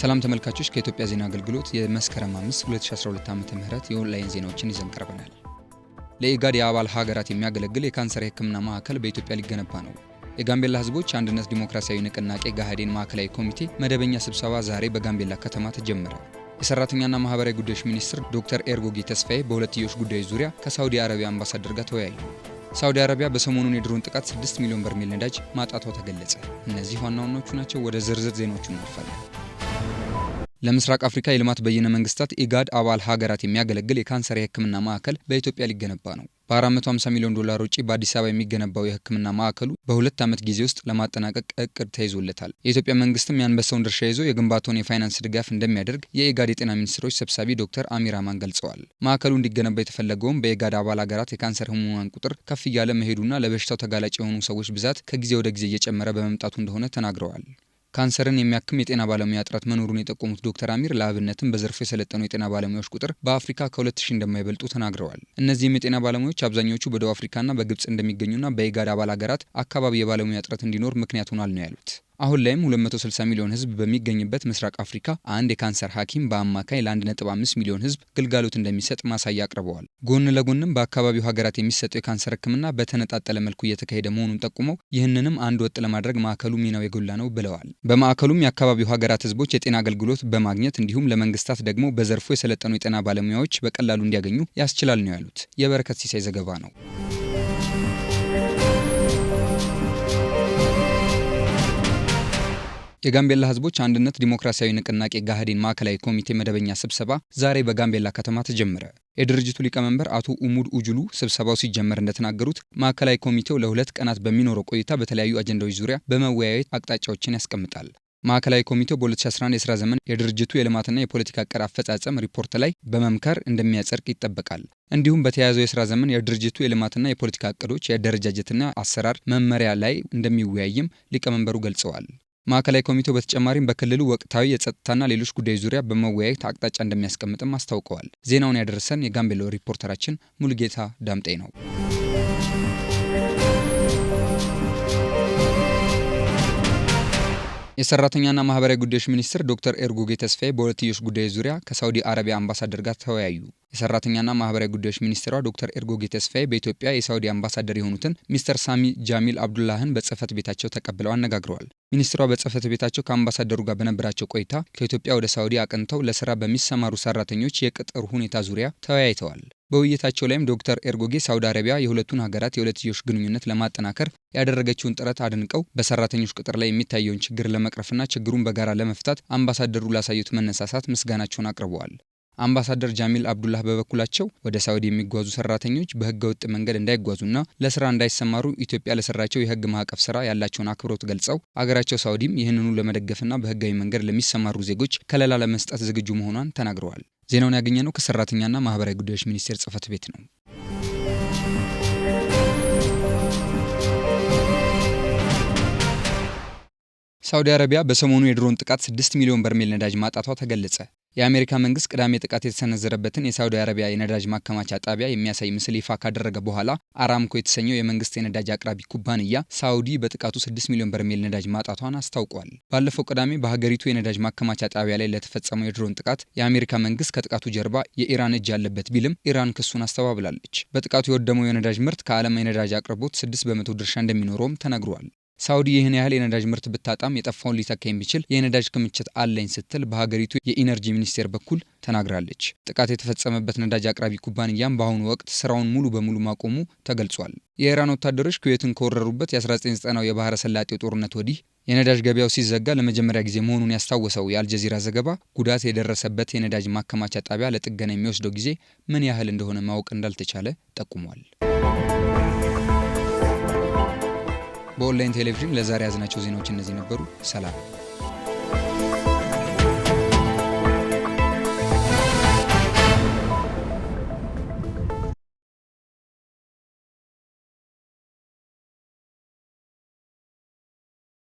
ሰላም ተመልካቾች ከኢትዮጵያ ዜና አገልግሎት የመስከረም 5 2012 ዓ.ም የኦንላይን ዜናዎችን ይዘን ቀርበናል። ለኢጋድ የአባል ሀገራት የሚያገለግል የካንሰር የሕክምና ማዕከል በኢትዮጵያ ሊገነባ ነው። የጋምቤላ ህዝቦች አንድነት ዲሞክራሲያዊ ንቅናቄ ጋህዴን ማዕከላዊ ኮሚቴ መደበኛ ስብሰባ ዛሬ በጋምቤላ ከተማ ተጀመረ። የሰራተኛና ማህበራዊ ጉዳዮች ሚኒስትር ዶክተር ኤርጎጌ ተስፋዬ በሁለትዮሽ ጉዳዮች ዙሪያ ከሳውዲ አረቢያ አምባሳደር ጋር ተወያዩ። ሳውዲ አረቢያ በሰሞኑን የድሮን ጥቃት 6 ሚሊዮን በርሜል ነዳጅ ማጣቷ ተገለጸ። እነዚህ ዋና ዋናዎቹ ናቸው። ወደ ዝርዝር ዜናዎቹ እናልፋለን። ለምስራቅ አፍሪካ የልማት በይነ መንግስታት ኢጋድ አባል ሀገራት የሚያገለግል የካንሰር የህክምና ማዕከል በኢትዮጵያ ሊገነባ ነው። በ450 ሚሊዮን ዶላር ውጪ በአዲስ አበባ የሚገነባው የህክምና ማዕከሉ በሁለት ዓመት ጊዜ ውስጥ ለማጠናቀቅ እቅድ ተይዞለታል። የኢትዮጵያ መንግስትም ያንበሳውን ድርሻ ይዞ የግንባታውን የፋይናንስ ድጋፍ እንደሚያደርግ የኢጋድ የጤና ሚኒስትሮች ሰብሳቢ ዶክተር አሚር አማን ገልጸዋል። ማዕከሉ እንዲገነባ የተፈለገውም በኢጋድ አባል ሀገራት የካንሰር ህሙማን ቁጥር ከፍ እያለ መሄዱና ለበሽታው ተጋላጭ የሆኑ ሰዎች ብዛት ከጊዜ ወደ ጊዜ እየጨመረ በመምጣቱ እንደሆነ ተናግረዋል። ካንሰርን የሚያክም የጤና ባለሙያ እጥረት መኖሩን የጠቆሙት ዶክተር አሚር ለአብነትም በዘርፉ የሰለጠኑ የጤና ባለሙያዎች ቁጥር በአፍሪካ ከሁለት ሺህ እንደማይበልጡ ተናግረዋል። እነዚህም የጤና ባለሙያዎች አብዛኞቹ በደቡብ አፍሪካና በግብጽ እንደሚገኙና በኢጋድ አባል ሀገራት አካባቢ የባለሙያ እጥረት እንዲኖር ምክንያት ሆኗል ነው ያሉት። አሁን ላይም 260 ሚሊዮን ህዝብ በሚገኝበት ምስራቅ አፍሪካ አንድ የካንሰር ሐኪም በአማካይ ለ1.5 ሚሊዮን ህዝብ ግልጋሎት እንደሚሰጥ ማሳያ አቅርበዋል። ጎን ለጎንም በአካባቢው ሀገራት የሚሰጠው የካንሰር ህክምና በተነጣጠለ መልኩ እየተካሄደ መሆኑን ጠቁመው ይህንንም አንድ ወጥ ለማድረግ ማዕከሉ ሚናው የጎላ ነው ብለዋል። በማዕከሉም የአካባቢው ሀገራት ህዝቦች የጤና አገልግሎት በማግኘት እንዲሁም ለመንግስታት ደግሞ በዘርፉ የሰለጠኑ የጤና ባለሙያዎች በቀላሉ እንዲያገኙ ያስችላል ነው ያሉት። የበረከት ሲሳይ ዘገባ ነው። የጋምቤላ ህዝቦች አንድነት ዲሞክራሲያዊ ንቅናቄ ጋህዴን ማዕከላዊ ኮሚቴ መደበኛ ስብሰባ ዛሬ በጋምቤላ ከተማ ተጀመረ። የድርጅቱ ሊቀመንበር አቶ ኡሙድ ኡጁሉ ስብሰባው ሲጀመር እንደተናገሩት ማዕከላዊ ኮሚቴው ለሁለት ቀናት በሚኖረው ቆይታ በተለያዩ አጀንዳዎች ዙሪያ በመወያየት አቅጣጫዎችን ያስቀምጣል። ማዕከላዊ ኮሚቴው በ2011 የስራ ዘመን የድርጅቱ የልማትና የፖለቲካ ዕቅድ አፈጻጸም ሪፖርት ላይ በመምከር እንደሚያጸድቅ ይጠበቃል። እንዲሁም በተያያዘው የስራ ዘመን የድርጅቱ የልማትና የፖለቲካ እቅዶች የአደረጃጀትና አሰራር መመሪያ ላይ እንደሚወያይም ሊቀመንበሩ ገልጸዋል። ማዕከላዊ ኮሚቴው በተጨማሪም በክልሉ ወቅታዊ የጸጥታና ሌሎች ጉዳዮች ዙሪያ በመወያየት አቅጣጫ እንደሚያስቀምጥም አስታውቀዋል። ዜናውን ያደረሰን የጋምቤላ ሪፖርተራችን ሙሉጌታ ዳምጤ ነው። የሰራተኛና ማህበራዊ ጉዳዮች ሚኒስትር ዶክተር ኤርጎጌ ተስፋዬ በሁለትዮሽ ጉዳዮች ዙሪያ ከሳውዲ አረቢያ አምባሳደር ጋር ተወያዩ። የሰራተኛና ማህበራዊ ጉዳዮች ሚኒስትሯ ዶክተር ኤርጎጌ ተስፋዬ በኢትዮጵያ የሳውዲ አምባሳደር የሆኑትን ሚስተር ሳሚ ጃሚል አብዱላህን በጽህፈት ቤታቸው ተቀብለው አነጋግረዋል። ሚኒስትሯ በጽህፈት ቤታቸው ከአምባሳደሩ ጋር በነበራቸው ቆይታ ከኢትዮጵያ ወደ ሳውዲ አቅንተው ለስራ በሚሰማሩ ሰራተኞች የቅጥር ሁኔታ ዙሪያ ተወያይተዋል። በውይይታቸው ላይም ዶክተር ኤርጎጌ ሳውዲ አረቢያ የሁለቱን ሀገራት የሁለትዮሽ ግንኙነት ለማጠናከር ያደረገችውን ጥረት አድንቀው በሰራተኞች ቅጥር ላይ የሚታየውን ችግር ለመቅረፍና ችግሩን በጋራ ለመፍታት አምባሳደሩ ላሳዩት መነሳሳት ምስጋናቸውን አቅርበዋል። አምባሳደር ጃሚል አብዱላህ በበኩላቸው ወደ ሳውዲ የሚጓዙ ሰራተኞች በህገ ወጥ መንገድ እንዳይጓዙና ለስራ እንዳይሰማሩ ኢትዮጵያ ለሰራቸው የህግ ማዕቀፍ ስራ ያላቸውን አክብሮት ገልጸው አገራቸው ሳውዲም ይህንኑ ለመደገፍና በህጋዊ መንገድ ለሚሰማሩ ዜጎች ከለላ ለመስጠት ዝግጁ መሆኗን ተናግረዋል። ዜናውን ነው ከሰራተኛና ማህበራዊ ጉዳዮች ሚኒስቴር ጽህፈት ቤት ነው። ሳውዲ አረቢያ በሰሞኑ የድሮን ጥቃት 6 ሚሊዮን በርሜል ነዳጅ ማጣቷ ተገለጸ። የአሜሪካ መንግስት ቅዳሜ ጥቃት የተሰነዘረበትን የሳውዲ አረቢያ የነዳጅ ማከማቻ ጣቢያ የሚያሳይ ምስል ይፋ ካደረገ በኋላ አራምኮ የተሰኘው የመንግስት የነዳጅ አቅራቢ ኩባንያ ሳውዲ በጥቃቱ 6 ሚሊዮን በርሜል ነዳጅ ማጣቷን አስታውቋል። ባለፈው ቅዳሜ በሀገሪቱ የነዳጅ ማከማቻ ጣቢያ ላይ ለተፈጸመው የድሮን ጥቃት የአሜሪካ መንግስት ከጥቃቱ ጀርባ የኢራን እጅ ያለበት ቢልም ኢራን ክሱን አስተባብላለች። በጥቃቱ የወደመው የነዳጅ ምርት ከዓለም የነዳጅ አቅርቦት 6 በመቶ ድርሻ እንደሚኖረውም ተነግሯል። ሳውዲ ይህን ያህል የነዳጅ ምርት ብታጣም የጠፋውን ሊተካ የሚችል የነዳጅ ክምችት አለኝ ስትል በሀገሪቱ የኢነርጂ ሚኒስቴር በኩል ተናግራለች። ጥቃት የተፈጸመበት ነዳጅ አቅራቢ ኩባንያም በአሁኑ ወቅት ስራውን ሙሉ በሙሉ ማቆሙ ተገልጿል። የኢራን ወታደሮች ኩዌትን ከወረሩበት የ1990ው የባህረ ሰላጤው ጦርነት ወዲህ የነዳጅ ገበያው ሲዘጋ ለመጀመሪያ ጊዜ መሆኑን ያስታወሰው የአልጀዚራ ዘገባ ጉዳት የደረሰበት የነዳጅ ማከማቻ ጣቢያ ለጥገና የሚወስደው ጊዜ ምን ያህል እንደሆነ ማወቅ እንዳልተቻለ ጠቁሟል። በኦንላይን ቴሌቪዥን ለዛሬ ያዝናቸው ዜናዎች እነዚህ ነበሩ። ሰላም